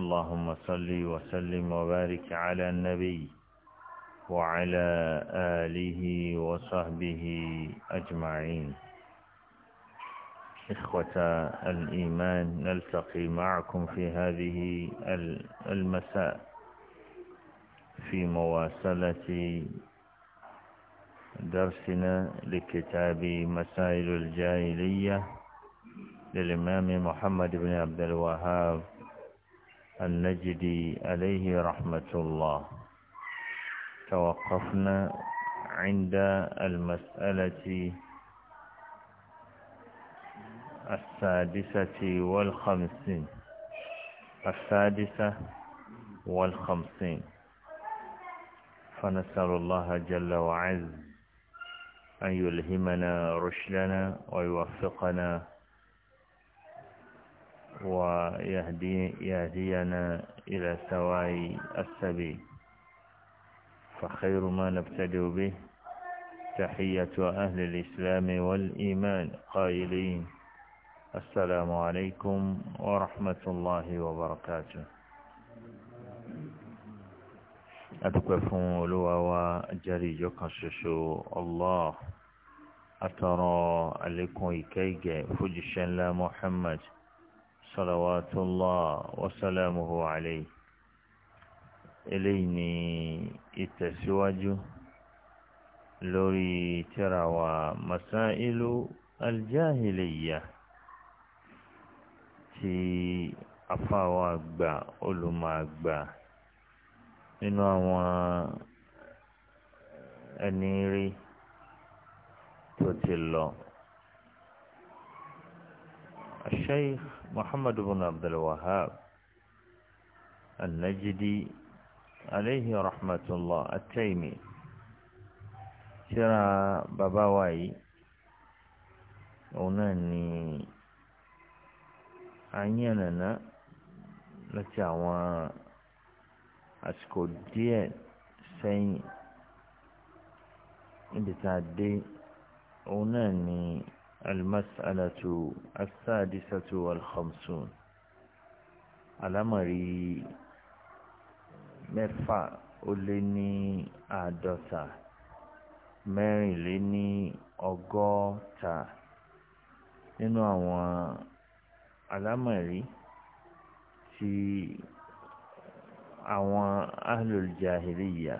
اللهم صل وسلم وبارك على النبي وعلى آله وصحبه أجمعين إخوة الإيمان نلتقي معكم في هذه المساء في مواصلة درسنا لكتاب مسائل الجاهلية للإمام محمد بن عبد الوهاب النجدي عليه رحمة الله توقفنا عند المسألة السادسة والخمسين السادسة والخمسين فنسأل الله جل وعز أن يلهمنا رشدنا ويوفقنا ويهدي يهدينا إلى سواء السبيل فخير ما نبتدئ به تحية أهل الإسلام والإيمان قائلين السلام عليكم ورحمة الله وبركاته أدوك فون وجري جري الله أترى لكم إكيجي فجشن لا محمد صلوات الله وسلامه عليه إليني التسواج لوري ترى مسائل الجاهلية في أفاوى أكبا علماء أكبا nínú àwọn ẹni rí tó الشيخ محمد بن عبد الوهاب النجدي عليه رحمة الله التيمي ترى باباوي أوناني عيننا لتعوان أسكو ديال سي níbi tá المسألة السادسة والخمسون alámọ̀rí mẹ́fà ó lé ní àádọ́ta mẹ́rin lé ní ọgọ́ta nínú àwọn alámọ̀rí tí àwọn ahlul jahiliya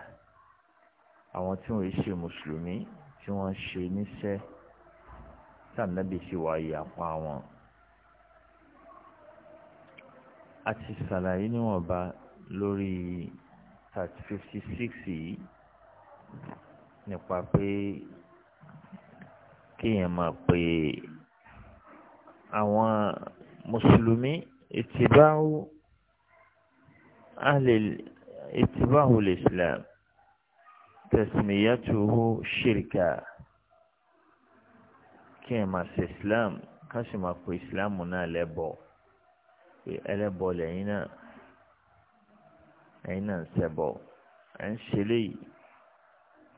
àwọn tí wọ́n ṣe mùsùlùmí tí wọ́n ṣe níṣẹ́ sànàbì ṣe wà ìyàpá wọn. a ti ṣàlàyé níwọ̀nba lórí thirty fifty six yìí nípa pé kéèyàn máa pe àwọn mùsùlùmí ìtìbáwò àlè ìtìbáwò lè Islam tẹ̀sìmìyàtò ṣìrìkà kí ẹ máa ṣe islam ká sì máa pe islam náà lẹ́bọ pé ẹlẹ́bọ lẹ́yìn náà ẹ̀yin náà ń ṣẹbọ ẹ̀ ń ṣe léyìí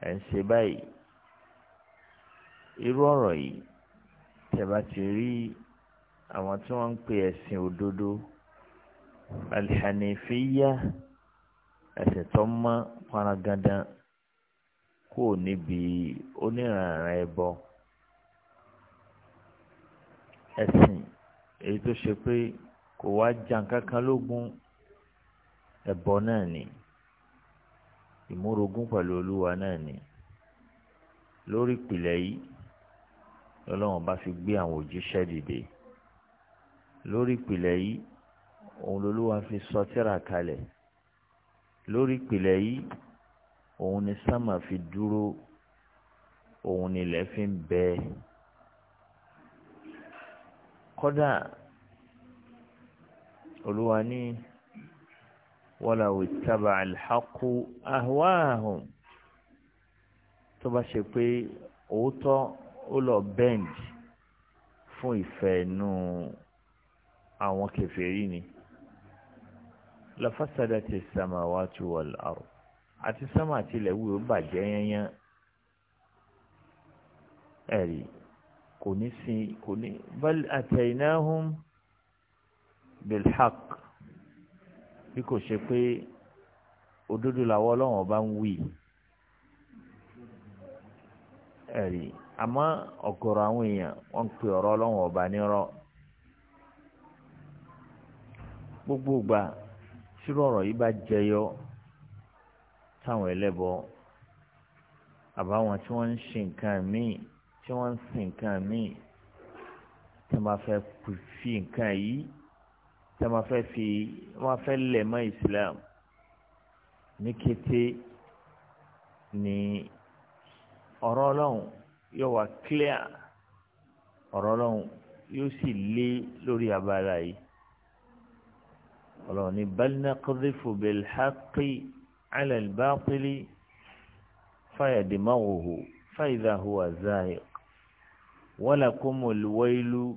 ẹ̀ ń ṣe báyìí irú ọ̀rọ̀ yìí tẹ̀bá ti rí àwọn tí wọ́n ń pe ẹ̀sìn òdodo alihanifiya ẹ̀sìn tó mọ́ paragandan kò níbi oníranran ẹbọ. E ẹ̀sìn èyí tó ṣe pé kò wá jan lógún ẹ̀bọ náà ni ìmúrogún pẹ̀lú olúwa náà ni lórí ìpìlẹ̀ yìí lọ́lọ́run bá fi gbé àwọn òjíṣẹ́ dìde lórí ìpìlẹ̀ yìí òun lolúwa fi sọ tírà kalẹ̀ lórí ìpìlẹ̀ yìí òun ni sámà fi dúró òun ni ilẹ̀ fi ń bẹ́ẹ̀ kọ́dà olúwa ní walaw ittaba'a al-haqqu ahwa'ahum tó bá ṣe pé òótọ́ ó lọ bend fún ìfẹ́ inú àwọn kèfèrí ni la fasadati as-samawati wal-ard àti sámà àti ilẹ̀ wúwo bàjẹ́ yẹnyẹn ẹ̀rí kò ní sin kò ní bal ataynahum bilhaq bí kò ṣe pé òdodo làwọn ọlọ́run ọba ń wí ẹ̀rí àmọ́ ọ̀gọ̀rọ̀ àwọn èèyàn wọ́n ń pe ọ̀rọ̀ ọlọ́run ọba nírọ́ gbogbo ìgbà ọ̀rọ̀ yìí bá jẹyọ táwọn ẹlẹ́bọ àbáwọn tí wọ́n ń ṣe nǹkan míì tí wọ́n ń sin nǹkan míì tí wọ́n bá fẹ́ fi nǹkan yìí tí wọ́n bá fẹ́ fi wọ́n fẹ́ lẹ̀ mọ́ Islam ní kété ní ọ̀rọ̀ ọlọ́run yóò wá clear ọ̀rọ̀ ọlọ́run yóò sì lé lórí abala yìí ọlọ́run ní bal naqdhifu bil haqqi ala al batili fayadmaghuhu fa walakumul wailu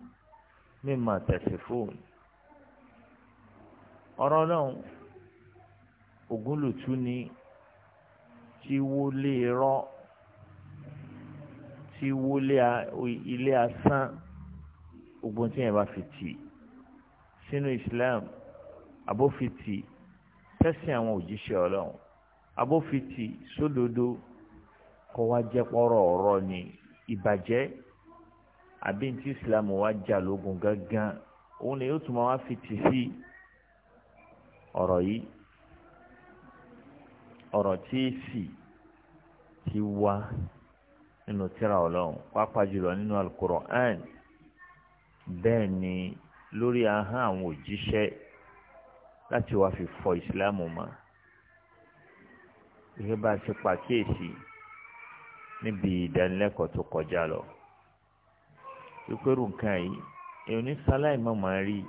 mimma tasifun ọ̀rọ̀ náà ògúnlùtú ni tí wọlé rọ́ tí wọlé ilé asán ogun tí yẹn bá fi tì sínú Islam abófitì tẹ́sìn àwọn òjíṣẹ́ ọlọ́run abófitì sódodo kọ́ wá jẹ́ pọ́rọ̀ ọ̀rọ̀ ni ìbàjẹ́ àbí ní ti islam wá jà lógun gángan òun ni yóò tún máa wá fi tì sí ọ̀rọ̀ yìí ọ̀rọ̀ tí sì ti wá nínú tírà ọlọ́run pàápàá jùlọ nínú al-Qur'an bẹ́ẹ̀ ni lórí ahọ́n àwọn òjíṣẹ́ láti wá fi fọ ìsìláàmù mọ́ gẹ́gẹ́ bá a ṣe pàkíyèsí níbi ìdánilẹ́kọ̀ọ́ tó kọjá lọ ìpẹ́rù nǹkan yìí èèyàn ní sáláì má máa rí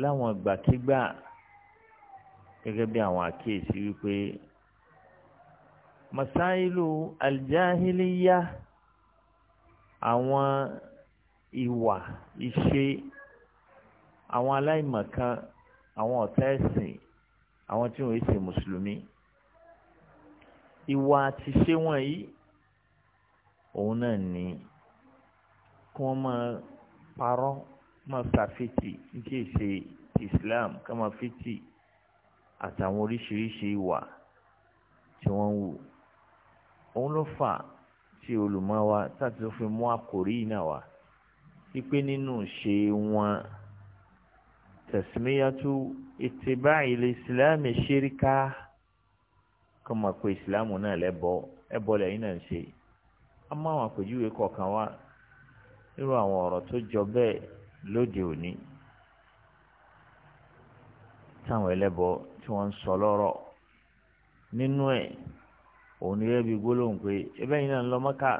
láwọn ìgbàkigbà gẹ́gẹ́ bí àwọn àkíyèsí wípé masáìlú aljahiliya àwọn ìwà ìṣe àwọn aláìmọ̀kan àwọn ọ̀tá ẹ̀sìn àwọn tí wọ́n ṣe mùsùlùmí ìwà àti ṣé wọ̀nyí òun náà ní kí wọ́n máa parọ́ máa ṣàfitì tí kì ṣe Islam ká máa fitì àtàwọn oríṣiríṣi ìwà tí wọ́n ń wù òun ló fà tí olùmọ̀ wa táti tó fi mú àkòrí náà wá wípé nínú ṣe wọn tẹ̀símíyàtú ìtìbá ilé ìsìláàmù ṣíríkà kọ́ máa pe ìsìláàmù náà lẹ́bọ ẹbọ lẹ́yìn náà ṣe a máa wọn àpèjúwe kọ̀ọ̀kan wá irú àwọn ọ̀rọ̀ tó jọ bẹ́ẹ̀ lóde òní táwọn ẹlẹ́bọ tí wọ́n ń sọ lọ́rọ̀ nínú ẹ̀ òun ni rẹ́bi gbólóhùn pé ẹbẹ́ yìí náà ń lọ mọ́kà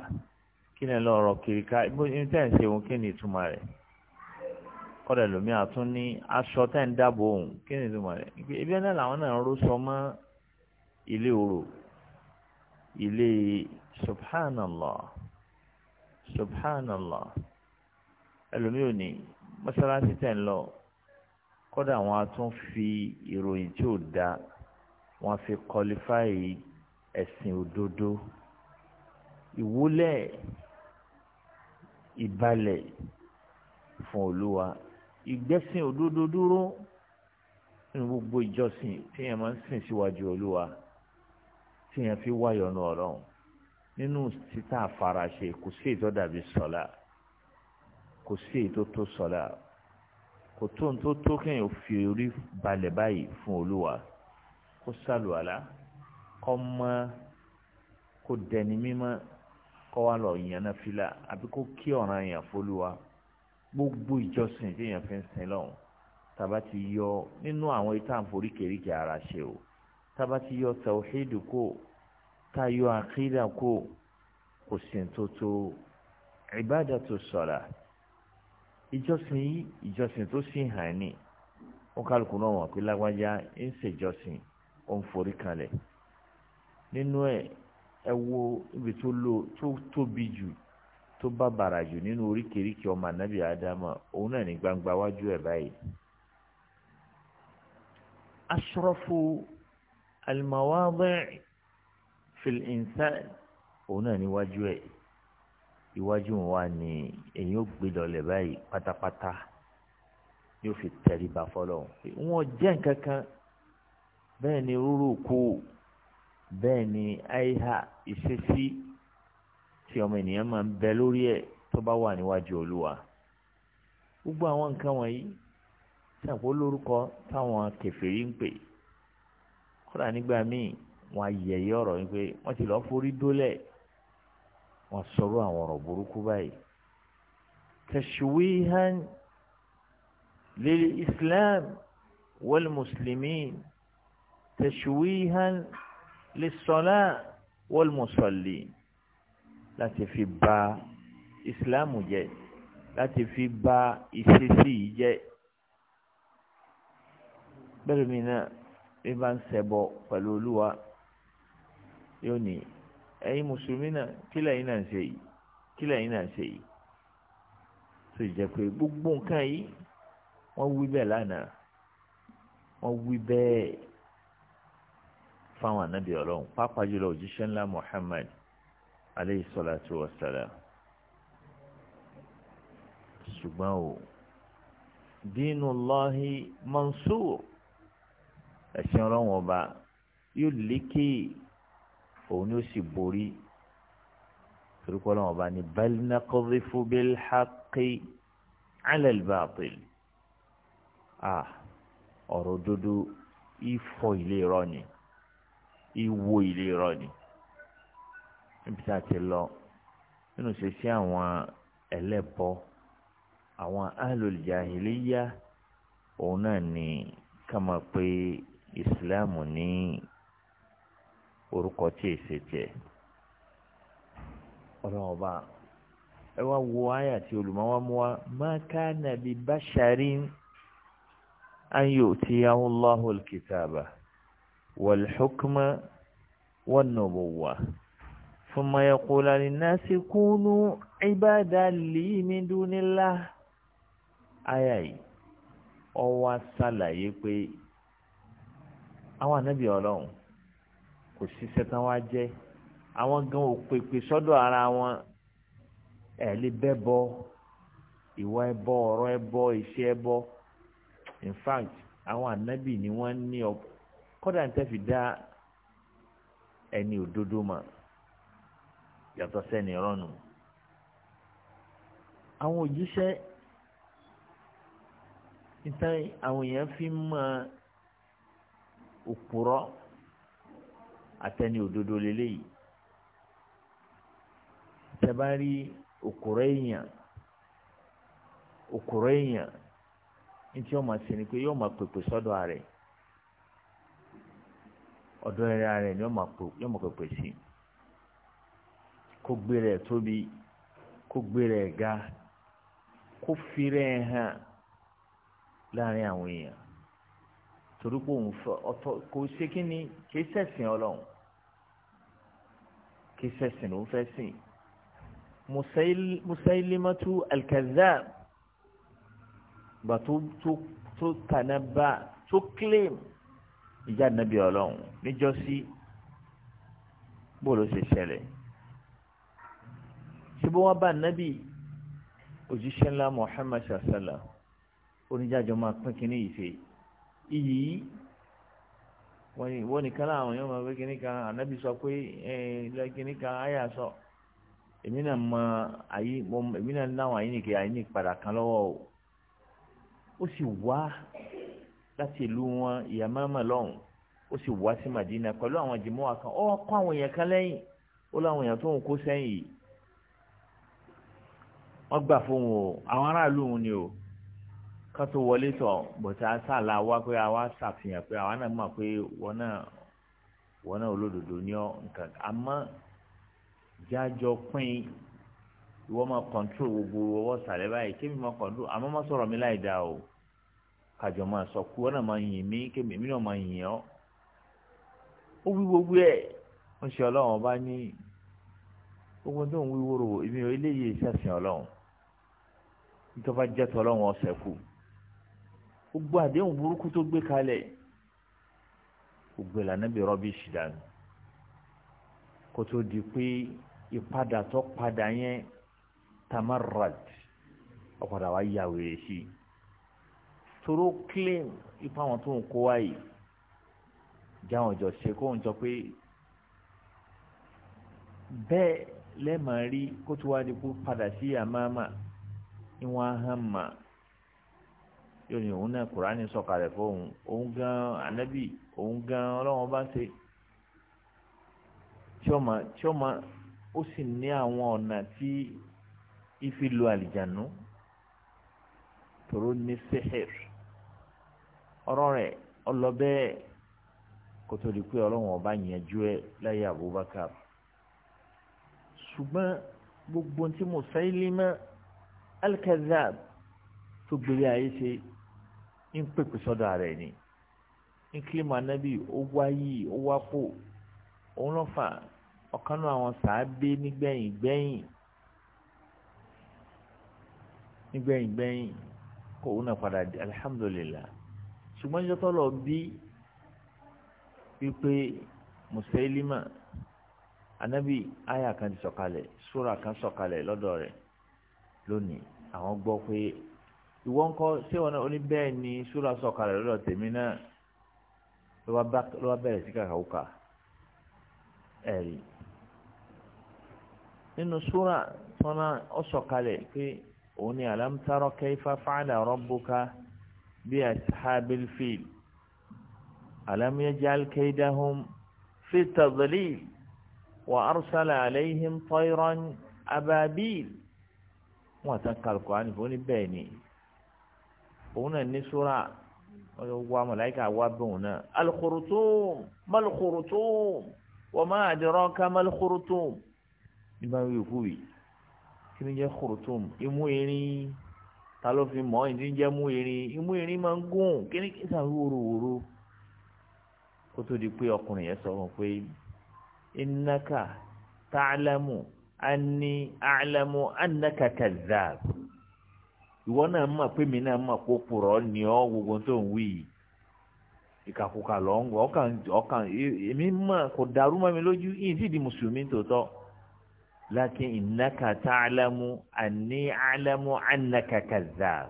kí ni ẹ lọ ọ̀rọ̀ kiri ká ní tẹ́ ń ṣe òun kí ni ìtumọ̀ rẹ̀ kọ́dà lómi àtún ní aṣọ tẹ́ ń dáàbò òun kí ni ìtumọ̀ rẹ̀ ibi ẹ̀ náà làwọn náà ń ró sọ mọ́ ilé orò ilé subhanallah subhanallah ẹlòmíì ò ní mọ́sálásí tẹ̀ ń lọ kódà wọn a tún fi ìròyìn tí ò da wọn fi kọlifáì ẹ̀sìn òdodo ìwúlẹ̀ ìbalẹ̀ fún olúwa ìgbẹ́sìn òdodo dúró nínú gbogbo ìjọsìn tí yẹn máa ń sìn síwájú olúwa tí yẹn fi wáyọ̀ nù ọ̀rọ̀ nínú títà àfaraṣe kò sí èyí tó dàbí sọlá kò sí èyí tó tó sọlá kò tó ní tó tó kéèyàn fi orí balẹ̀ báyìí fún olúwa kó sàlùwàlá kó mọ́ kó dẹni mímọ́ kó wá lọ yàn náà fìlà àbí kó kí ọ̀ràn yàn fọlúwa gbogbo ìjọsìn tí èèyàn fi ń sin lọ́hùn tàbá ti yọ nínú àwọn ìtàn foríkèríkè ara ṣe o tàbá ti yọ tàwíìdù kó tayọ àkídà kó kò sí tó tó tó sọ̀rà ìjọsìn yìí ìjọsìn tó sì hàn ní wọn kálukú náà wọn pé lágbájá ń ṣèjọsìn ó ń forí kalẹ̀ nínú ẹ̀ ẹ wo ibi tó lò tó tóbi jù tó bá bàrà jù nínú oríkèéríkèé ọmọ ànábì ádámà òun náà ní gbangba wájú ẹ̀ báyìí. ashrafu al-mawadi' fil insan òun náà níwájú ẹ̀ iwájú wa ni èyí ò gbé lọlẹ̀ báyìí pátápátá yóò fi tẹríba fọlọ́ wọn jẹ́ nǹkan kan bẹ́ẹ̀ ni rúrú kú bẹ́ẹ̀ ni àìhà ìṣesí tí ọmọ ènìyàn máa ń bẹ lórí ẹ̀ tó bá wà níwájú olúwa gbogbo àwọn nǹkan wọ̀nyí sàpò lórúkọ táwọn kèfèrí ń pè kódà nígbà míì wọ́n á yẹ̀yẹ́ ọ̀rọ̀ yín pé wọ́n ti lọ́ọ́ forí dólẹ̀ wọ́n sọ̀rọ̀ àwọn ọ̀rọ̀ burúkú báyìí tashwihan lil islam wal muslimin tashwihan lis salah wal musallin láti fi bà ìsìláàmù jẹ́ láti fi bà ìṣesí yìí jẹ́ bẹ́ẹ̀ náà bí bá ń ṣẹbọ pẹ̀lú olúwa yóò ní ẹ̀yin mùsùlùmí náà kílẹ̀ yín náà ń ṣe yìí kílẹ̀ yín náà ń ṣe yìí tó jẹ́ pé gbogbo nǹkan yìí wọ́n wí bẹ́ẹ̀ lánàá wọ́n wí bẹ́ẹ̀ fáwọn ànábì ọlọ́run pàápàá jùlọ òjíṣẹ́ ńlá Muhammad aleyhi salatu wa salam ṣùgbọ́n o dinullahi mansur ẹ̀sìn ọlọ́run ọba yóò lékè òun ni ó sì borí torúkọ lọ́wọ́ bá ní bal naqdhifu bil haqqi ala al batil ọ̀rọ̀ dúdú ìfọ̀ ilé irọ́ ni ìwo ilé irọ́ ni ti lọ nínú ṣẹṣẹ àwọn ẹlẹ́bọ àwọn ahlul jahiliya ni ká pe ìsìláàmù ní orúkọ tí èsè tiẹ̀ ọlọ́run ọba ẹ wá wo àyà tí olùmọ́wá mú wa ma kana li basharin an yu'tiyahu Allahu al-kitaba wal hukma wan nubuwwa thumma yaqulu lin-nasi kunu ibadan li min dunillah àyà yìí ó wá pé àwọn ànábì ọlọ́run. kò ṣiṣẹ́ tán wá jẹ́ àwọn gan ò pèpè sọ́dọ̀ ara wọn ẹ̀ lè bẹ́ bọ ìwà ẹbọ ọ̀rọ̀ ẹbọ ìṣe ẹbọ in fact àwọn ànábì ni wọ́n ní ọ kọ́dà ń tẹ́fì dá ẹni òdodo mà yàtọ̀ sẹ́ni rọ́nù àwọn òjíṣẹ́ nítorí àwọn èèyàn fi ń mọ òpùrọ́. atẹni òdodo lélẹyìí tẹbárí òkúrọ èèyàn òkúrọ èèyàn ma yóò máa sẹni pé yóò máa pèpè sọ́dọ̀ ààrẹ ọ̀dọ̀ ẹrẹ ààrẹ ni yóò máa pèpè sí kó gbé rẹ̀ tóbi kó gbé rẹ̀ ga kó fi rẹ̀ hàn láàrin àwọn torí pé òun fẹ́ ọ̀tọ̀ kò ṣe kí ni kì í ṣẹ̀sìn ọlọ́run kì í ṣẹ̀sìn ló ń fẹ́ sìn musailimatu alkazab gbà tó tó tó tànàbà tó claim ìjà nàbí ọlọ́run níjọ́sí bóòlù ṣe ṣẹlẹ̀ síbí wọ́n bá nàbí òjíṣẹ́ ńlá Muhammad sallallahu oníjàjọ́ máa pín kínní yìí fèé iyì yìí wọ́n nìkan láwọn yóò máa gbé kínní kan ànábì sọ pé kínní kan àyà sọ èmi náà mọ àyè èmi náà láwọn àyè nìkan àyè nìkan padà kan lọ́wọ́ o ó sì wá láti ìlú wọn ìyàmáàmà lọ́hùn ó sì wá sí Madina pẹ̀lú àwọn jìmọ́ àkàn ó kọ́ àwọn èèyàn kan lẹ́yìn ó láwọn èèyàn tó ń kó sẹ́yìn wọ́n gbà fóun o àwọn aráàlú òun ni o kan tó wọlé tọ̀ bọ̀tà sàlà wá pé àwa ṣàfihàn pé àwa náà mọ̀ pé wọn náà wọn náà olódodo ní ọ nǹkan àmọ́ jájọ pín ìwọ máa kọ̀ǹtró gbogbo ọwọ́ sàlẹ̀ báyìí kébì máa kọ̀ǹtró àmọ́ má sọ̀rọ̀ mi láì dáa o kàjọ máa sọ kú ọ náà máa yìn mí kébì mí náà máa yìn ọ́ ó wí gbogbo ẹ̀ ń ṣe ọlọ́run ọba ní gbogbo tó ń wíwòrò èmi ò eléyìí ṣẹ̀sìn ọlọ́run nítorí bá jẹ́ tọ́ ọlọ́run ọ̀sẹ̀ kù gbogbo àdéhùn burúkú tó gbé kalẹ̀ gbogbo ìlànà bí rọ́bìṣì dànù kó tó di pé ìpadà tó padà yẹn tamarad ọ̀padà wá yà wèrè sí i toro claim ipa wọn tó ń kó wáyé jáwọn jọ ṣe kó ń jọ pé bẹ́ẹ̀ lẹ́ẹ̀mọ̀ rí kó tó wá di kó padà sí àmàmà ìwọ̀n ahàn máa yóò ní òun náà kùránì sọ̀kalẹ̀ fóun òun gan anábì òun gan ọlọ́run bá ṣe tíọ́mà tíọ́mà ó sì ní àwọn ọ̀nà tí ifi lo àlìjànú tòró ní sehir ọ̀rọ̀ rẹ̀ ọlọ́bẹ̀ kò pé ọlọ́run ọba yanjú ẹ láyé Abubakar ṣùgbọ́n gbogbo tí Musailima al-Kadhdhab tó gbélé ayé ṣe ń pèpè sọ́dọ̀ ààrẹ ni ń kílímù anábì ó wáyé ó wápò òun ló fà ọ̀kan náà àwọn sàábé nígbẹ̀yìn gbẹ̀yìn nígbẹ̀yìn gbẹ̀yìn kó òun náà padà di alihamudulilayi ṣùgbọ́n ìjọba lọ bí wípé Musailima anabi aya kan ti sọ̀kalẹ̀ sura kan sọ̀kalẹ̀ lọ́dọ̀ rẹ̀ lónìí àwọn gbọ́ pé ìwọ ń kọ́ ṣé wọn ní bẹ́ẹ̀ ni ṣúra sọ̀kalẹ̀ lọ́dọ̀ tèmi náà ló wá bẹ̀rẹ̀ sí kàkàwùkà ẹ̀rí nínú ṣúra tọ́nà ọ sọ̀kalẹ̀ pé òun ni alam tara kayfa fa'ala rabbuka bí ashabil fil alam yaj'al kaydahum fi tadlil wa ababil wọn àtàkàlùkọ́ ànífọ́ ní bẹ́ẹ̀ ni òun náà ní súrà wa màláìka wa bẹ́ẹ̀ náà alukorotum malukorotum wọ́n máa dẹ̀rọ ká malukorotum ní bá wíwí kú yìí kí ni jẹ́ korotum imú erin ta ló fi mọ́ ìdí jẹ́ mú erin imú erin máa ń gùn kí ni kí ni sàrú wòrowòro kó tó di pé ọkùnrin yẹn sọ wọn pé innaka ta'lamu anni a'lamu annaka kadhab ìwọ náà mọ̀ pé mi náà mọ̀ kó purọ́ ni ọ́ gbogbo tó ń wí yìí ìkàkùkà lọ ń gbọ́ ọkàn ọkàn e, èmi mọ̀ kò dàrú mọ́ mi lójú yìí sì di mùsùlùmí tòótọ́ lakin innaka ta'lamu anni a'lamu annaka kazzab.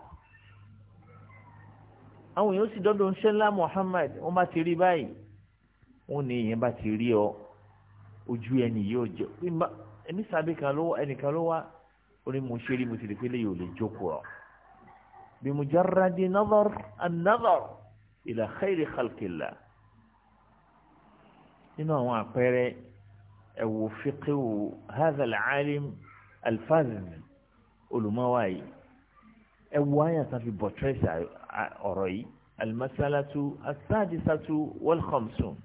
àwọn èèyàn sì dọ́dọ̀ ń ṣẹ́lá Muhammad wọ́n bá ti rí báyìí wọ́n ní ìyẹn bá ti rí ọ ojú ẹni yìí ò jọ ẹni sábẹ́ kan ló wá ẹnìkan ló wá ó ní mo ṣe rí mo ti rí pé lè yóò lè jókòó rọ̀. بمجرد نظر النظر إلى خير خلق الله إنه عبارة أو فقه هذا العالم الفاذ علماوي أو في بوتريس أري المسألة السادسة والخمسون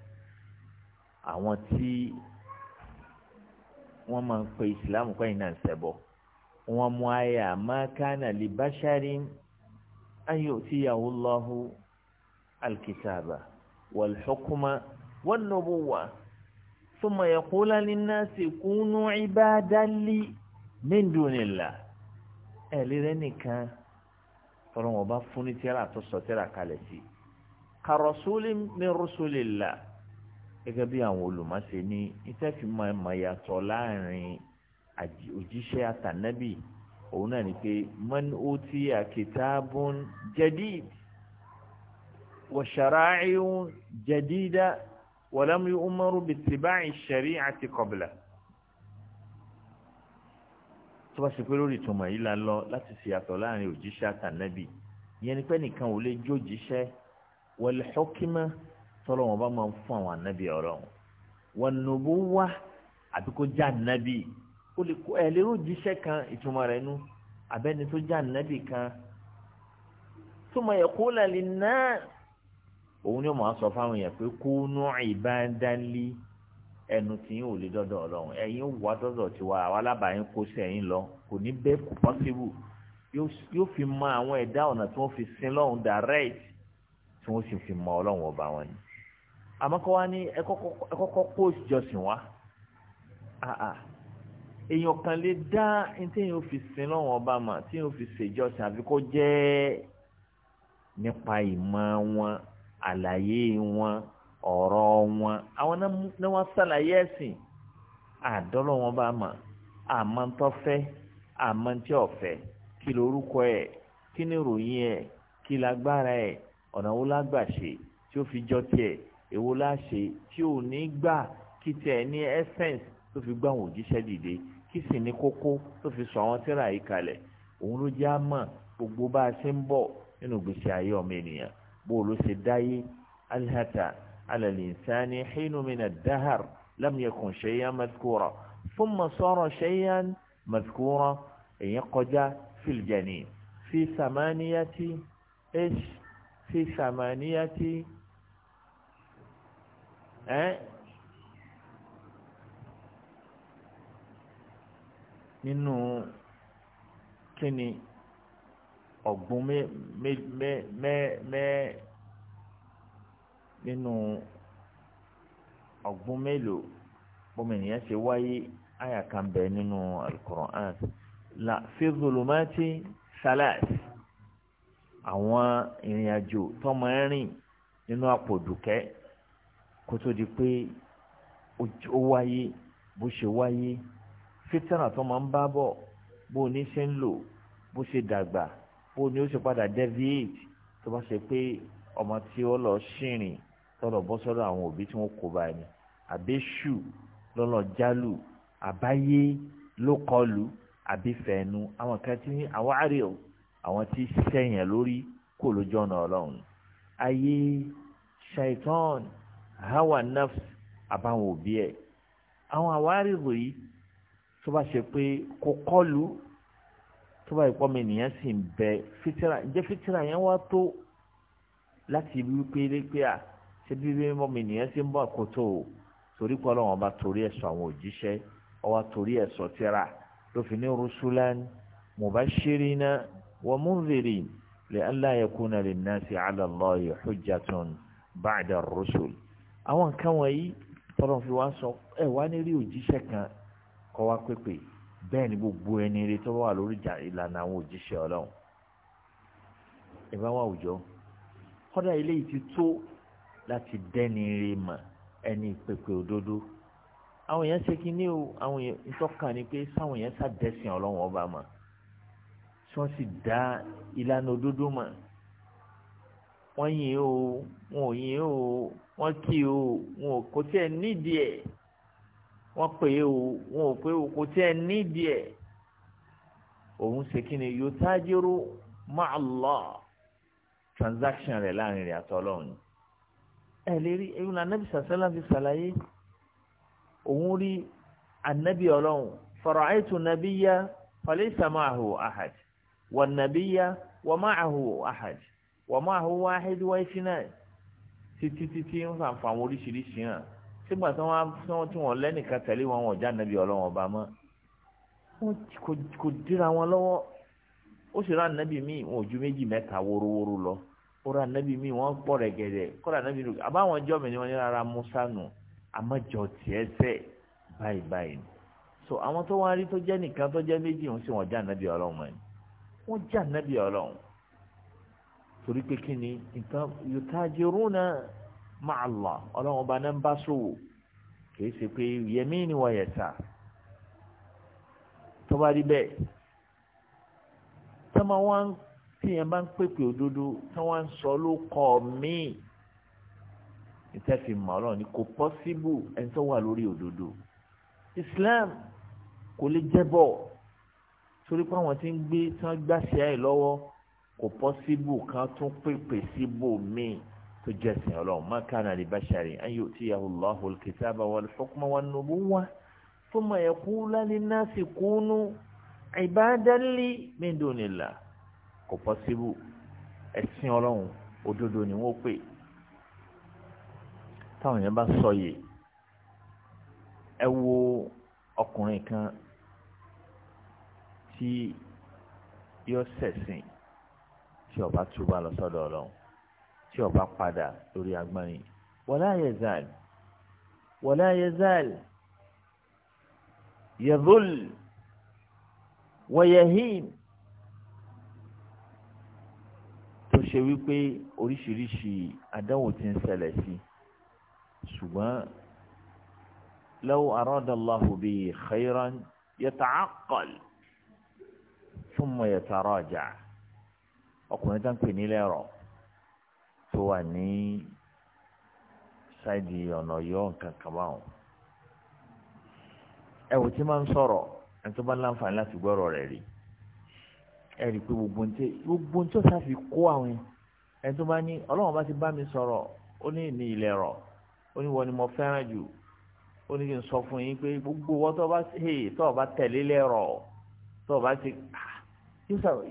àwọn وما في máa ń pe وما kọ́ iná ń an yu'tiyahu Allahu al-kitaba wal-hukma wan-nubuwwa thumma yaqula lin-nasi kunu ibadan li min dunillah ẹ̀ lérẹ́ nìkan tọ́lọ́ wọn bá fún ní tíra tó sọ tíra kalẹ̀ sí ka rasulin min rusulillah gẹ́gẹ́ bí àwọn olùmọ̀ọ́sẹ̀ ní ìtẹ́fìmọ̀ ẹ̀mọ̀ yàtọ̀ láàrin òjíṣẹ́ àtànẹ́bì òun náà ni pé man utiya kitabun jadid wa shara'i'un jadida wa lam yu'maru bittiba'i shari'ati qabla tó bá ṣe pé lórí ìtumọ̀ yìí la lọ láti ṣe àtọ̀ láàrin òjíṣẹ́ àtànẹ́bì ìyẹn ni pé nìkan ò lè jó jíṣẹ́ wal tọ́lọ́ wọn bá máa ń fún àwọn ànábì ọ̀rọ̀ wọn nubuwa àbí kó já ànábì o lè kó ẹ̀lérò jíṣẹ́ kan ìtumọ̀ rẹ̀ nu abẹ́ni tó já nàbì kan thumma yaqulu linnas òun ni ó máa sọ fáwọn èèyàn pé kunu ibadan li ẹnu tí yín ò lè dọ́dọ̀ ọlọ́run ẹ̀yin ò wá dọ́dọ̀ tiwa àwa alábàáyín kó sí ẹ̀yin lọ kò ní bẹ́ẹ̀ kò pọ́sibú yóò fi mọ àwọn ẹ̀dá ọ̀nà tí wọ́n fi sin lọ́hùn direct tí wọ́n sì fi mọ ọlọ́run ọba wọn ni àmọ́ kọ́ wa ní ẹ kọ́kọ́ post jọ́sìn wa èèyàn kan lè dá téèyàn fi sin lọ́wọ́n ọba mà téèyàn fi ṣèjọsìn àfi kó jẹ́ nípa ìmọ̀ wọn àlàyé wọn ọ̀rọ̀ wọn àwọn náà wọ́n ṣàlàyé ẹ̀sìn àdọ́lọ́ wọn bá mà àmọ́ tó fẹ́ àmọ́ tí ẹ̀ kí ni ìròyìn ẹ̀ kí lágbára ẹ̀ ọ̀nà wo lágbà tí ó fi jọ tiẹ̀ èwo láṣe tí ò ní gbà kí tiẹ̀ ní essence tó fi gbà wọn òjíṣẹ́ dìde kí sì ní kókó tó fi sọ àwọn tírà yìí kalẹ̀ òun ló jẹ́ àmọ́ gbogbo bá a ṣe ń bọ̀ nínú gbèsè ayé ọmọ ènìyàn bó o ló ṣe dá yé alihata alali alalinsani hinumina dahar lam yakun shay'an madhkura fún masoro shay'an madhkura èèyàn kọjá filjani fi samaniyati fi samaniyati ẹ. Eh? nínú kíni ọ̀gbun mẹ́ mẹ́ mẹ́ nínú ọ̀gbun mélòó bọ́mìnìyàn ṣe wáyé àyà kan bẹ̀ nínú alukur'an la fi zulumati salas àwọn ìrìn àjò tọmọ ẹrìn nínú àpòdùkẹ́ kó tó di pé ó wáyé bó ṣe wáyé fitara tó máa ń bá bọ̀ bó ní ṣe ń lò bó ṣe dàgbà bó ní ó ṣe padà deviate tó bá ṣe pé ọmọ tí ó lọ ṣìrìn tọlọ bọ́ sọ́dọ̀ àwọn òbí tí wọ́n kó báyìí ni àbẹ́ṣù lọ́nà jálù àbáyé ló kọlù àbífẹ́nu àwọn kan tí ní àwọn àríọ̀ àwọn tí sẹ́yìn lórí kò lójú ọ̀nà ọlọ́run ayé ṣàìtàn hawa nafs àbáwọn òbí ẹ̀ àwọn àwárìrò yìí tó bá ṣe pé kò kọlu tó bá ìpọ́nmi ènìyàn sì ń bẹ fitira ǹjẹ́ fitira yẹn wá tó láti ibi wípé lépe à ṣé bí bí mọ́mi ènìyàn ṣe ń bọ̀ àkótó o torí pé ọlọ́run ọba torí ẹ̀sọ́ àwọn òjíṣẹ́ ọba torí ẹ̀sọ́ tírà ló ní rusulan mubashirina wa munzirin li'alla yakuna linnasi 'ala Allahi hujjatun ba'da ar-rusul àwọn nǹkan wọ̀nyí tọ́lọ́ fi wá sọ ẹ̀ wá ní rí òjíṣẹ́ kan kọ́ wá pépè bẹ́ẹ̀ ni gbogbo ẹni rẹ tó wà lórí ìlànà àwọn òjíṣẹ́ ọlọ́run ẹ bá wà àwùjọ kọ́dà eléyìí ti tó láti dẹ́ni rẹ mọ̀ ẹni pépè òdodo àwọn èèyàn ṣe kínní o àwọn èèyàn ìtọ́ka ni pé sáwọn èèyàn ṣàdẹ́sìn ọlọ́run ọba mọ̀ tí wọ́n sì dá ìlànà òdodo mọ̀ wọ́n yìn o wọn ò yìn o wọ́n kì o wọn ò kò tí nídìí ẹ̀ wọ́n pè é o wọn ò pé o kò tiẹ̀ nídìí ẹ̀ òun ṣe kí ni yòtájírú máa lọ transaction rẹ̀ láàrin rẹ̀ àti ọlọ́run ni ẹ lè rí ewu na anabi sàṣẹ́lá fi ṣàlàyé òun rí anabi ọlọ́run fara'aytu nabiyya falaysa ma'ahu ahad wa nabiyya wa ma'ahu ahad wa ma'ahu wahid wa títí títí ń fàǹfà àwọn oríṣiríṣi hàn sígbà tí wọ́n tí wọ́n lẹ́nìkan tẹ̀lé wọn wọn ò já nàbí ọlọ́wọ́n ọba mọ́ wọn kò dira wọn lọ́wọ́ ó sì rà nàbí míì wọn ò ju méjì mẹ́ta wórówóró lọ ó rà nàbí míì wọn pọ̀ rẹ̀ gẹ̀dẹ̀ kọ́ra nàbí rẹ̀ àbáwọn ọjọ́ mi ni wọ́n ní rárá musa nù àmọ́jọ tiẹ̀ sẹ́ báyìí báyìí so àwọn tó wá rí tó jẹ́ nìkan tó jẹ́ méjì wọn sì wọ́n já nàbí ọlọ́wọ́n mọ́ wọn já nàbí ọlọ́wọ́n torí pé kí ni nǹkan yòtájì rúnà máa lọ ọlọ́run ọba náà ń bá sòwò kìí ṣe pé yẹmí ni wọ́n yẹ sá tó bá rí bẹ́ẹ̀ tọ́mọ wọn tí yẹn bá ń pèpè òdodo tí wọ́n ń sọ ló kọ́ míì ìtẹ́fì mọ́ ọlọ́run ni kò pọ́síbù ẹni tó wà lórí òdodo Islam kò lè jẹ́bọ̀ torí pé àwọn tí ń gbé tí wọ́n gbàṣẹ́ ẹ̀ lọ́wọ́ kò pọ́síbù kan tún pèpè síbò míì tó jẹ́ sìn ọlọ́run má kánà lè bá ṣàrí an yu'tiyahu Allahu al-kitaba wal-hukma wan-nubuwwa thumma yaqula lin-nasi kunu ibadan li min dunillah kò pọ́sibú ẹ̀sìn ọlọ́run òdodo ni wọ́n pè táwọn yẹn bá sọ yìí ẹ wo ọkùnrin kan tí yóò ṣẹ̀sìn tí ó túbọ̀ lọ sọ́dọ̀ ọlọ́run tí ọba padà lórí agbọ́nrin wala yazal wala yazal yadhul wa yahim tó ṣe wípé oríṣiríṣi àdánwò ti ń ṣẹlẹ̀ sí ṣùgbọ́n law arada Allahu bihi khayran yata'aqqal thumma yataraja' ọkùnrin tó ń pè ní lẹ́rọ̀ọ́ tó wà ní ṣáìdì ọ̀nà yọ nǹkan kan báwọn ẹ wò tí máa ń sọ̀rọ̀ ẹni tó bá láǹfààní láti gbọ́rọ̀ rẹ̀ rí ẹ rí i pé gbogbo ní gbogbo ní tó sáfi kó àwọn ẹni tó bá ní ọlọ́run bá ti bá mi sọ̀rọ̀ ó ní ìní ilẹ̀ rọ̀ ó ní wọ́n ni mo fẹ́ràn jù ó ní kí n sọ fún yín pé gbogbo wọn tó bá hey tó bá tẹ̀lé lẹ́rọ̀ tó bá ti ah, yóò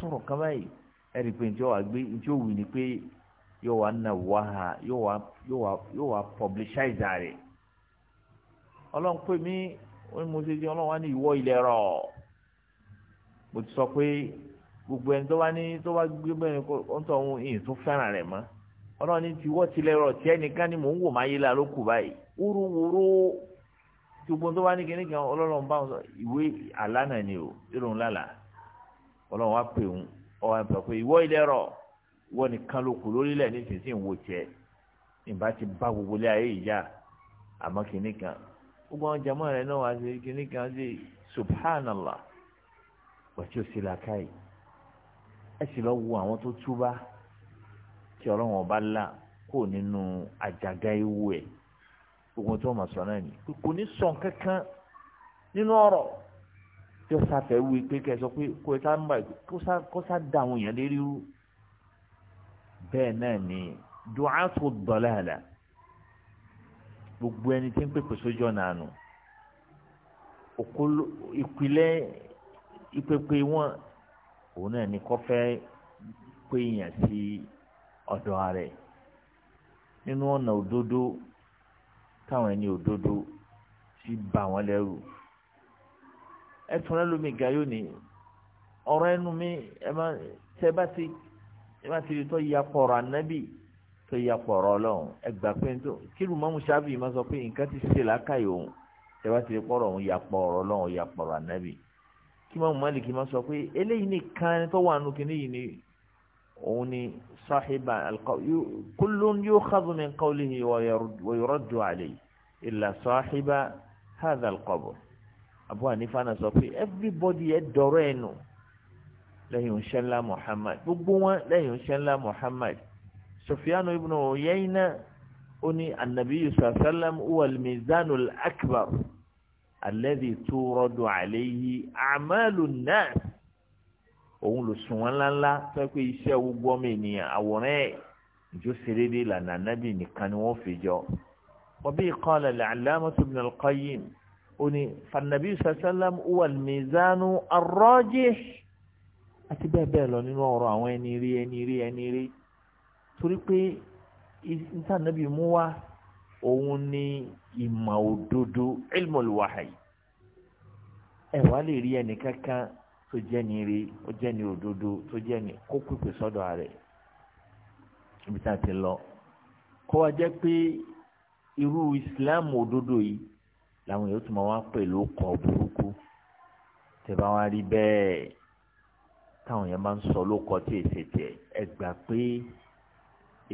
sọ̀rọ̀ kan ẹ̀rí pé ntí ó wà gbé ntí ó wù ní pé yóò wá nà wá ha yóò wá yóò wá yóò wá publicize rẹ̀ ọlọ́run pè mí mo ṣe di ọlọ́run wá ní ìwọ ilẹ̀ rọ̀ mo ti sọ pé gbogbo ẹni tó bá ní tó bá gbé bẹ́ẹ̀ ń tọ́ ohun ìyìn tó fẹ́ràn rẹ̀ mọ́ ọlọ́run ní tiwọ́ tilẹ̀ rọ̀ tí ni mò ń wò máa yé la báyìí wúrúwúrú gbogbo tó bá ní ni o lálàá ọlọ́run wá ọ̀hún sọ pé ìwọ ilẹ̀ rọ̀ wọ́n nìkan ló kù lórílẹ̀ nísinsìnyí wò tiẹ̀ ìbá ti bá gbogbo ilé ayé ìyá àmọ́ kìnnì kan gbogbo àwọn jàmọ́ rẹ̀ náà wá sí kìnnì kan sí subhanallah wàtí ó sì làákàyè ẹ sì lọ wo àwọn tó túbá tí ọlọ́run ọba là kó nínú àjàgà ewu ẹ̀ gbogbo tó mọ̀ sọ náà ni kò ní sọ kankan nínú ọ̀rọ̀ tí ó sáfẹ́ wí pé kẹ́ ẹ sọ pé kó ẹ sáà ń bà kó sáà da àwọn èèyàn lérí rú bẹ́ẹ̀ náà ni du'atu dalala gbogbo ẹni tí ń pèpè sójú ọ̀nà àánú ìpìlẹ̀ ìpèpè wọn òun náà ni kọ́ fẹ́ pé èèyàn sí ọ̀dọ̀ ààrẹ nínú ọ̀nà òdodo táwọn ẹni òdodo ti bà wọ́n lẹ́rù ẹ tún ẹlòmíì ga yóò ní ọ̀rọ̀ ẹnu mi ẹ má tẹ bá ti ẹ má ti rí tọ́ ya pọ̀rọ̀ ànábì tó ya pọ̀rọ̀ ọlọ́run ẹ gbà pé tó kílù mọ́mú sábì má sọ pé nǹkan ti ṣe làákàyè òun tẹ bá ti rí pọ̀rọ̀ òun ya pọ̀rọ̀ ọlọ́run ya pọ̀rọ̀ ànábì kí mọ́mú Málíkì má sọ pé eléyìí nìkan tó wà nù kíní yìí ni òun ni sáhìbà kullun yukhadhu min qawlihi wa yuraddu alayhi illa sáhìbà hadha al-qabr Abu Hanifa náà sọ pé everybody ẹ dọ̀rọ̀ ẹ nù lẹ́yìn òṣèlá Muhammad gbogbo wọn lẹ́yìn òṣèlá Muhammad Sufyanu ibn Uyayna ó ní anabiyu sàlám uwal mizanul akbar alladhi turadu alayhi a'malu nas òun ló sùn wọn ńláńlá sọ pé iṣẹ́ gbogbo ọmọ ènìyàn àwòrán ẹ̀ ìjọ serere lànà anabi nìkan ni wọ́n fi jọ. wọ́n bí qala al-allamah ibn al-qayyim ó ní fanabi sàlám wàl mizanu arọ́jì àti bẹ́ẹ̀ bẹ́ẹ̀ lọ nínú ọ̀rọ̀ àwọn ẹni rí ẹni rí ẹni rí torí pé ìtànàbí mú wá òun ní ìmọ̀ òdodo ilmul wahyi ẹ wá lè rí ẹni kankan tó jẹ́ ni rí ó jẹ́ ni òdodo tó jẹ́ ni kó pèpè sọ́dọ̀ rẹ̀ ibi tá ti lọ kó wá jẹ́ pé irú islam òdodo yìí làwọn yóò tún máa wá pẹ̀lú kọ burúkú tẹ́ bá wá rí bẹ́ẹ̀ táwọn yẹn máa ń sọ ló kọ tí èsì tiẹ̀ ẹ gbà pé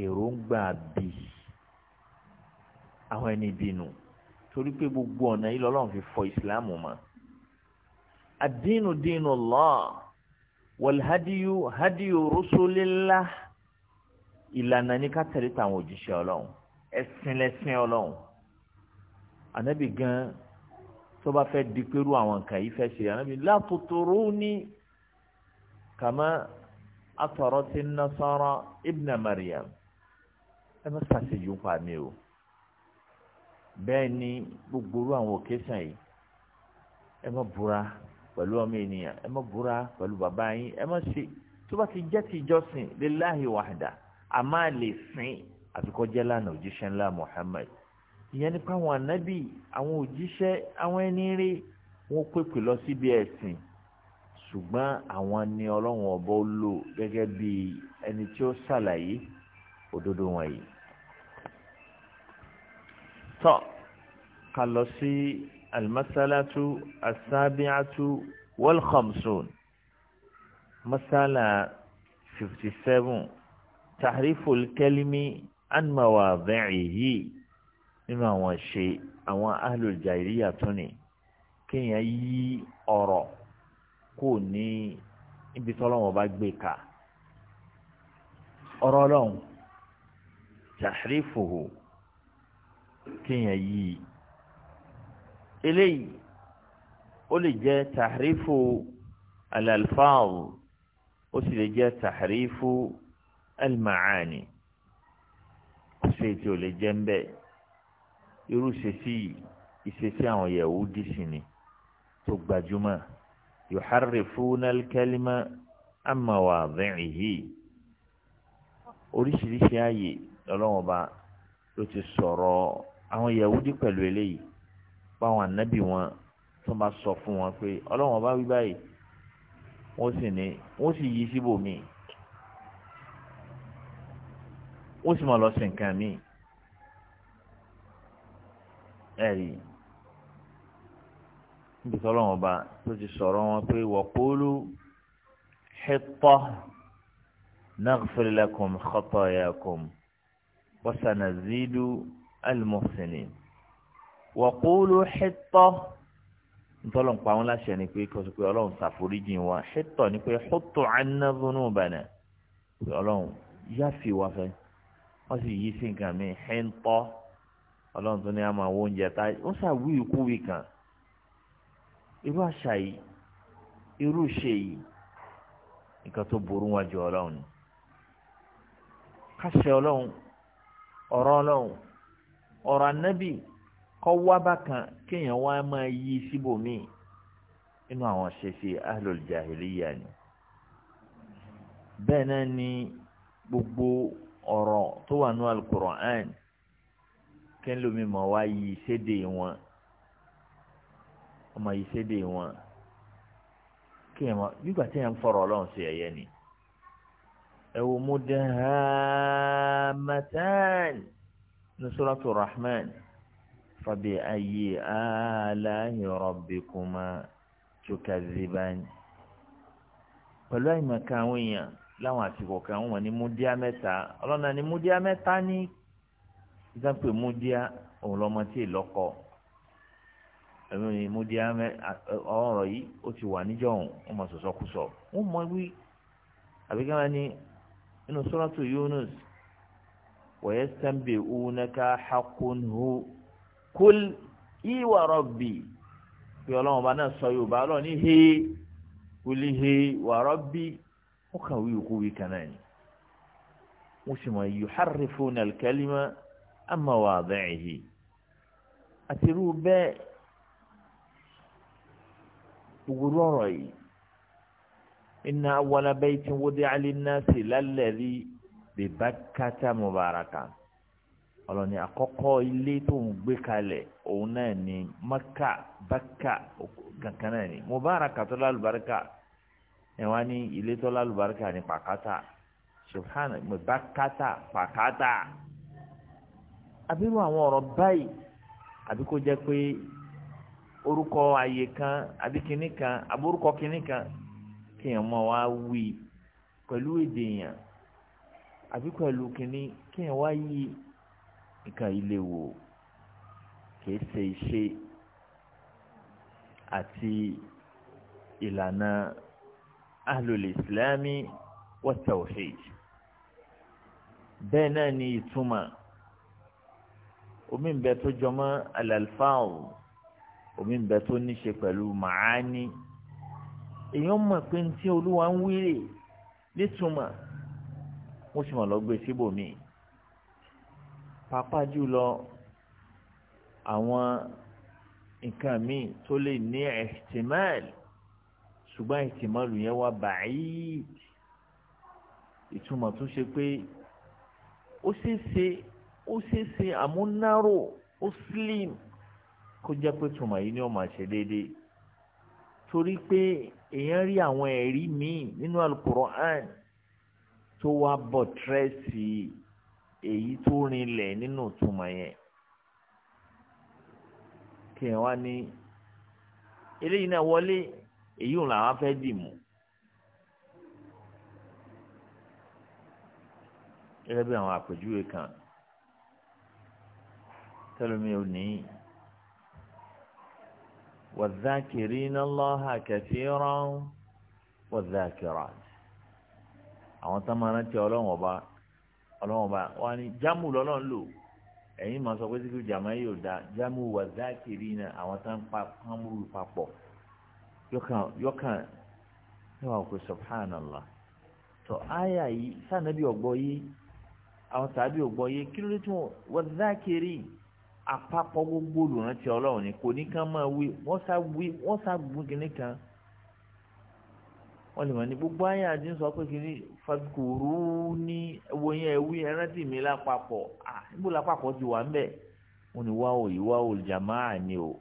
èròǹgbà bì àwọn ẹni bínú torí pé gbogbo ọ̀nà yìí lọ́lọ́run fi fọ ìsìláàmù mọ́ ad-dinu dinu Allah wal hadiyu hadiyu rusulillah ìlànà ní ká tẹ̀lé tàwọn òjíṣẹ́ ọlọ́run ẹ̀sìn lẹ́sìn ọlọ́run ànábì gan tó bá fẹ́ di pẹ̀lú àwọn nǹkan yìí fẹ́ ṣe ànábì látòtòrò ní kàmá atọ̀rọ̀ ti nasara ibna Maryam ẹ má ṣàṣeyí ń pa mi o bẹ́ẹ̀ ni gbogbo irú àwọn òkèsàn yìí ẹ má búra pẹ̀lú ọmọ ènìyàn ẹ má búra pẹ̀lú bàbá yín ẹ má ṣe tó ti jẹ́ ti ìjọsìn lillahi wahda a máa lè sìn àfikọ́jẹ́ lánàá òjíṣẹ́ ńlá Muhammad ìyẹn ni pé àwọn ànábì àwọn òjíṣẹ́ àwọn ẹni rí wọn pèpè lọ síbi ẹ̀sìn ṣùgbọ́n àwọn ni ọlọ́run ọ̀bọ lò gẹ́gẹ́ bí ẹni tí ó ṣàlàyé òdodo wọn tọ́ ká lọ sí almasalatu asabiatu wal masala fifty seven tahriful kalimi an mawadhi'ihi nínú àwọn ṣe àwọn ahlul jahiliya tún ni kéèyàn yí ọ̀rọ̀ kò ní ibi tọ́lọ́wọ́ bá gbé e ka ọ̀rọ̀ ọlọ́run tahrifuhu kéèyàn yí eléyìí ó lè jẹ́ tahrifu al ó sì lè jẹ́ tahrifu al ó sì lè jẹ́ ń bẹ́ẹ̀ irú ìṣesí ìṣesí àwọn Yahudi sì ni tó gbajúmọ̀ yuharrifuna al-kalima an mawadhi'ihi oríṣiríṣi ààyè lọ́lọ́wọ́n bá ló ti sọ̀rọ̀ àwọn Yahudi pẹ̀lú eléyìí báwọn ànábì wọn tó bá sọ fún wọn pé ọlọ́wọ́n wí báyìí wọ́n sì ní wọ́n sì yí síbòmíì wọ́n sì máa lọ sí míì ẹ̀rí níbi sọ́lọ́wọ́n ọba tó ti sọ̀rọ̀ wọn pé wọ́pọ́lú hittah naghfir lakum khatayakum wa sanazidu al-muhsinin wọ́pọ́lú hittah ntọ́lọ̀ ń pa wọn láṣẹ ni pé kọ́sí pé ọlọ́run ṣàforíjì wa hittah ni pé hutu anna dhunubana ọlọ́run yáfi wa fẹ́ wọ́n sì yí sí nǹkan mi hittah ọlọ́run tó ní a máa wo oúnjẹ tá ó ṣàwí ìkúwì kan irú àṣà yìí irú ìṣe yìí nǹkan tó burú wọn ju ọlọ́run ni káṣẹ ọlọ́run ọ̀rọ̀ ọlọ́run ọ̀rọ̀ ànábì kọ́ wá kéèyàn wá máa yí síbòmíì inú àwọn ṣẹṣẹ ahlul jahiliya ni bẹ́ẹ̀ náà ni gbogbo ọ̀rọ̀ tó wà ní alukur'an kẹ́ńlómi mọ̀ wá yí ìsédè wọn ọmọ yìí sédè wọn kéèyàn mọ nígbà tí yẹn ń fọ̀rọ̀ Ọlọ́run sí ẹyẹ ni ẹ wò mudahammatan ní suratu rahman fabi ayyi alahi rabbikuma tukaziban pẹ̀lú àyìnbá kan àwọn èèyàn láwọn àsìkò kan wọn ni múdíá mẹ́ta ọlọ́nà ni múdíá mẹ́ta ní ìsàpè múdíá òun lọmọ tí ì lọ́kọ múdíá ọ̀rọ̀ yìí ó ti wà níjọ́ òun ó mọ sọ̀sọ́kùsọ̀ wọ́n mọ wí àbíká wọn ni inú suratu Yunus wa yastanbi'unaka haqqun hu kul iwa rabbi pé ọlọ́run ọba náà sọ yorùbá ọlọ́run ní he wòlí he wa ó kàn wí òkú wí kan náà ni wọ́n sì mọ̀ yuharrifuna al amawaadihi àti irú bẹ́ẹ̀ òwúrú ọ̀rọ̀ yìí inna awwala baytin wudi'a linnasi lalladhi bi Bakkata mubaraka ọlọ́ni àkọ́kọ́ ilé tó ń gbé kalẹ̀ òun náà ni Makka Bakka kankan náà ni mubaraka tó lálùbáríkà ẹ̀ wá ní ilé tó lálùbáríkà ní pàkátà subhana Bakkata pàkátà. Abiru àwọn ọ̀rọ̀ báyìí àbí kó jẹ́ pé orúkọ àyè kan àbí kinní kan àbí orúkọ kinní kan kéèyàn mọ̀ wá wí pẹ̀lú èdè yẹn àbí pẹ̀lú kinní kéèyàn wá yí nǹkan ilé wò kìí ṣe iṣẹ́ àti ìlànà ahlul islami wa tawhid bẹ́ẹ̀ náà ni ìtumọ̀ omi ń bẹ tó jọmọ́ alalfáàwù omi ń bẹ tó níṣe pẹ̀lú màání èèyàn mọ̀ pé ní tí olúwa ń wíre nítumọ̀ mo sì mọ̀ lọ gbé síbòmí pàápàá jùlọ àwọn nǹkan míì tó lè ní ẹ̀tìmáàlì ṣùgbọ́n ẹ̀tìmáàlì yẹn wá bàáyì ìtumọ̀ tó ṣe pé ó ṣeé ṣe ó ṣeéṣe àmúnáró ó slim kó jẹ́ pé tùmọ̀ yìí ni ó máa ṣe déédéé torí pé èèyàn rí àwọn ẹ̀rí míì nínú alukur'an tó wá bọ̀ tírẹ́sì èyí tó rinlẹ̀ nínú tùmọ̀ yẹn kí ẹ ní eléyìí náà wọlé èyí ò làwọn fẹ́ dì mú. gẹ́gẹ́ bí àwọn àpèjúwe kan tẹ́lómi والذاكرين الله كثيرا والذاكرات àwọn tó máa rántí ọlọ́run ọba ọlọ́run ọba wọn ni jámù lọ́lọ́run lò ẹ̀yin máa sọ pé síkú jàmá yóò da jámù wà zákìrì náà àwọn tó ń pa pàmùrù papọ̀ yọkàn yọkàn níwà òkú subhanallah tó àyà yìí sànàbí ọgbọ yìí àwọn tàbí ọgbọ yìí kí ló dé tún wà zákìrì àpapọ̀ gbogbo olùrántí ọlọ́run ni kò ní kán máa wí wọ́n sá wí wọ́n sá gbún kínní kan wọ́n lè mọ̀ ní gbogbo ayé àti ń sọ pé kínní fàkùrú ní wo yẹn wí ẹrántí mi lápapọ̀ à níbo lápapọ̀ ti wà ń bẹ̀ wọ́n wá o ìwá o jàmáà ni o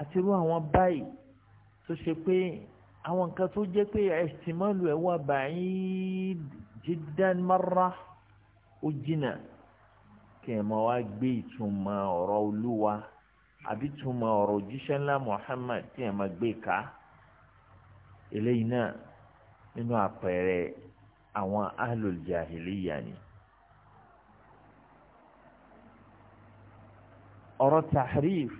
àti irú àwọn báyìí tó ṣe pé àwọn nǹkan tó jẹ́ pé ẹ̀sìmọ́lù ẹ̀ wà báyìí jiddan marra ó jìnnà kí ẹ máa wá gbé ìtumọ̀ ọ̀rọ̀ olúwa àbí ìtumọ̀ ọ̀rọ̀ òjíṣẹ́ ńlá Muhammad tí ẹ máa gbé ká eléyìí náà nínú àpẹẹrẹ àwọn ahlul jahiliya ọ̀rọ̀ tahrif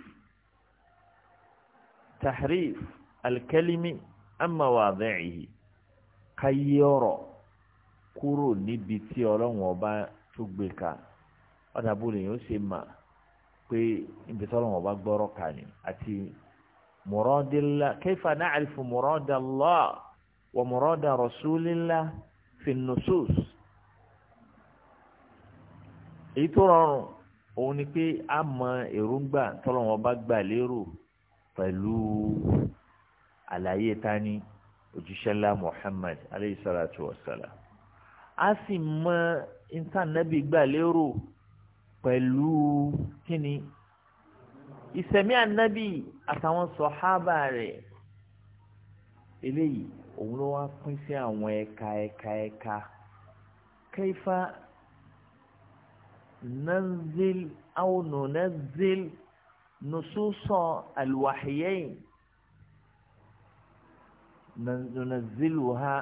tahrif alkalimi amma wadi'ihi yí ọ̀rọ̀ kúrò níbi tí ọlọ́run ọba tó gbé ká ọ̀nà àbúrò yẹn ó ṣe mà pé ibi tọ́lọ́ wọn bá gbọ́rọ̀ kà ní àti mọ̀rọ́dẹ́lá kayfa na'rifu mọ̀rọ́dà Allah wa mọ̀rọ́dà rasulillah fi nusus. èyí tó rọrùn òun ni pé a mọ èròǹgbà tọ́lọ́ wọn bá gbà lérò pẹ̀lú àlàyé tani òjíṣẹ́ ńlá Muhammad aleyhi salatu wa salam a sì mọ intanẹ́bì gbà lérò. pẹ̀lú kíni ìsẹ̀mí ànábì àtàwọn sọ̀hábà rẹ̀ eléyìí òun ló wá pín sí àwọn ẹ̀ka ẹ̀ka ẹ̀ka kaifa nanzil aw nunazil nususa alwahyayn ha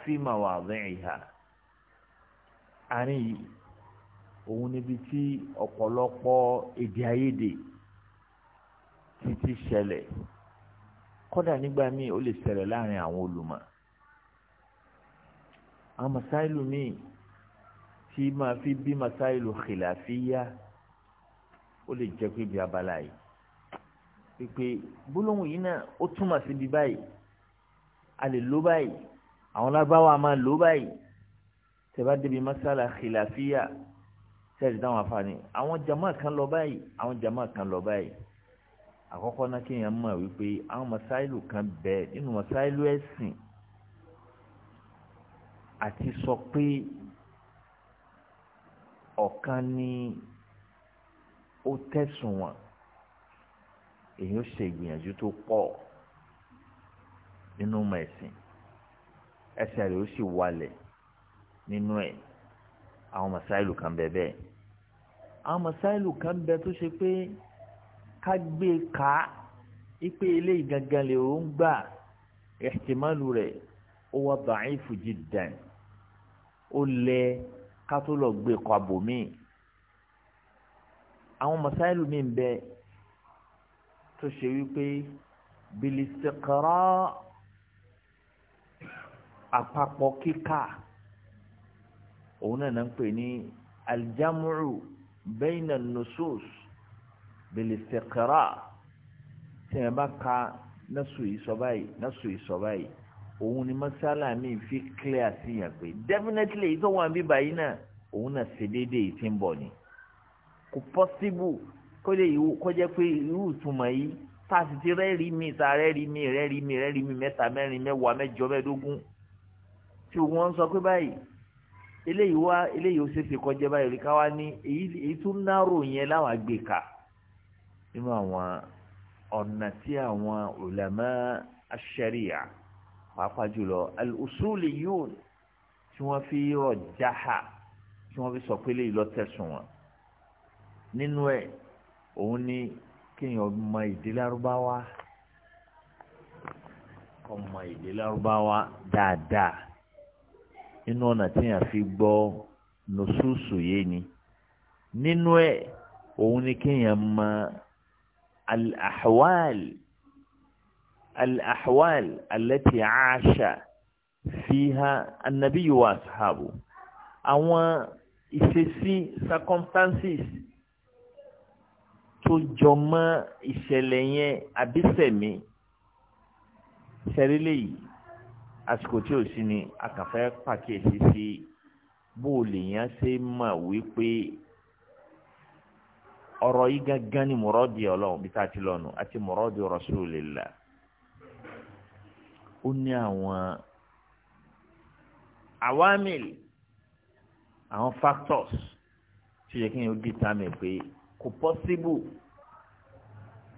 fi ma mawadhi'iha àárín yìí. òun níbi tí ọ̀pọ̀lọpọ̀ èdè àìyedè ti ti ṣẹlẹ̀ kódà nígbà míì ó lè ṣẹlẹ̀ láàrin àwọn olùmọ̀ àwọn masáìlú míì tí máa fi bí masáìlú khilafiyya ó lè jẹ́ pé bí abala yìí pípé gbólóhùn yìí náà ó túmọ̀ sí bí báyìí a lè lò báyìí àwọn lágbáwá máa lò báyìí tẹ́ bá débi masala khilafiyya sẹ́ẹ̀dì táwọn afáàní àwọn jama kan lọ báyìí àwọn jama kan lọ báyìí àkọ́kọ́ náà kéèyàn mọ̀ wípé àwọn masáìlù kan bẹ nínú masáìlù ẹ̀sìn àti sọ pé ọ̀kan ni ó tẹ̀sùn wọn èyí ó ṣe ìgbìyànjú tó pọ̀ nínú ọmọ ẹ̀sìn ẹsẹ̀ rẹ̀ ó sì walẹ̀ nínú ẹ̀ àwọn masáìlù kan bẹ bẹ́ẹ̀ àwọn masáìlù kan bẹ tó ṣe pé ká gbé ká ipe eléyìí gangan lè ń gbà ihtimalu rẹ̀ ó wà da'ifu jiddan ó lẹ ká tó lọ gbé kọ àbòmí àwọn masáìlù mi bẹ tó ṣe wípé bilistiqra àpapọ̀ kíkà òun náà ń pè ní aljamu'u bayna nusus bilistiqra tí wọn bá ka nasu ìsọba yìí nasu ìsọba yìí òun ni masala mi fi clear sí yàn pé definitely ìtọ́wọ́ àbí báyìí náà òun náà ṣe déédéé tí ń bọ̀ ni kò possible kó lè yíwò kó jẹ́ pé irú ìtumọ̀ yìí tá a sì ti rẹ́ẹ̀rí mi ta rẹ́ẹ̀rí mi rẹ́ẹ̀rí mi rẹ́ẹ̀rí mi mẹ́ta mẹ́rin mẹ́wàá mẹ́jọ mẹ́ẹ̀ẹ́dógún tí wọ́n sọ pé báyìí eléyìí wá eléyìí ó ṣeéṣe kọjá báyìí rí káwá ní èyí tún náró yẹn láwọn àgbèkà nínú àwọn ọ̀nà tí àwọn ulama ash-sharia pàápàá jùlọ al-usuliyun tí wọ́n fi rọ̀ jáhà tí wọ́n fi sọ pé eléyìí ló tẹ̀sùn wọn nínú ẹ̀ òun ni kéèyàn mọ èdè lárúbáwá ọmọ èdè lárúbáwá dáadáa inú ọ̀nà tí yàn fi gbọ́ nùsùsù yé ni nínú ẹ̀ òun ni kéèyàn mọ al-ahwal al-ahwal allati aasha fiha annabiyyu wa ashabu àwọn ìṣesí circumstances tó jọ mọ́ ìṣẹ̀lẹ̀ yẹn àbísẹ̀mí ṣẹlẹ̀ yìí àsìkò tí ò sí ni a kàn fẹ́ pàkíyèsí sí bó o lè yàn ṣe mọ̀ wípé ọ̀rọ̀ yìí gángan ni mọ̀rọ́dì ọlọ́run bí tá a ti lọ́nu àti mọ̀rọ́dì Rasulillah ó ní àwọn àwámìlì àwọn factors tí ó yẹ kí n di tàmí pé kò pọ́síbù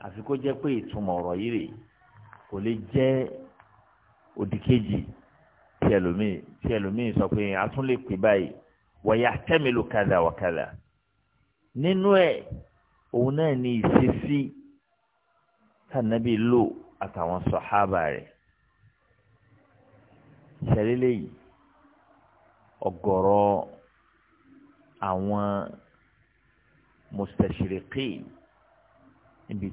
àfi kó jẹ́ pé ìtumọ̀ ọ̀rọ̀ yìí rè kò lè jẹ́ òdì kejì tí ẹlòmíì tí ẹlòmíì sọ pé a tún lè pè báyìí wọ̀yà tẹ́mìlú kàdà wàkàdà nínú ẹ̀ òun náà ni ìṣesí tànàbí lò àtàwọn sọ̀hábà rẹ̀ ìṣẹ̀lẹ̀ lẹ́yìn ọ̀gọ̀rọ̀ àwọn mustashiriqin níbi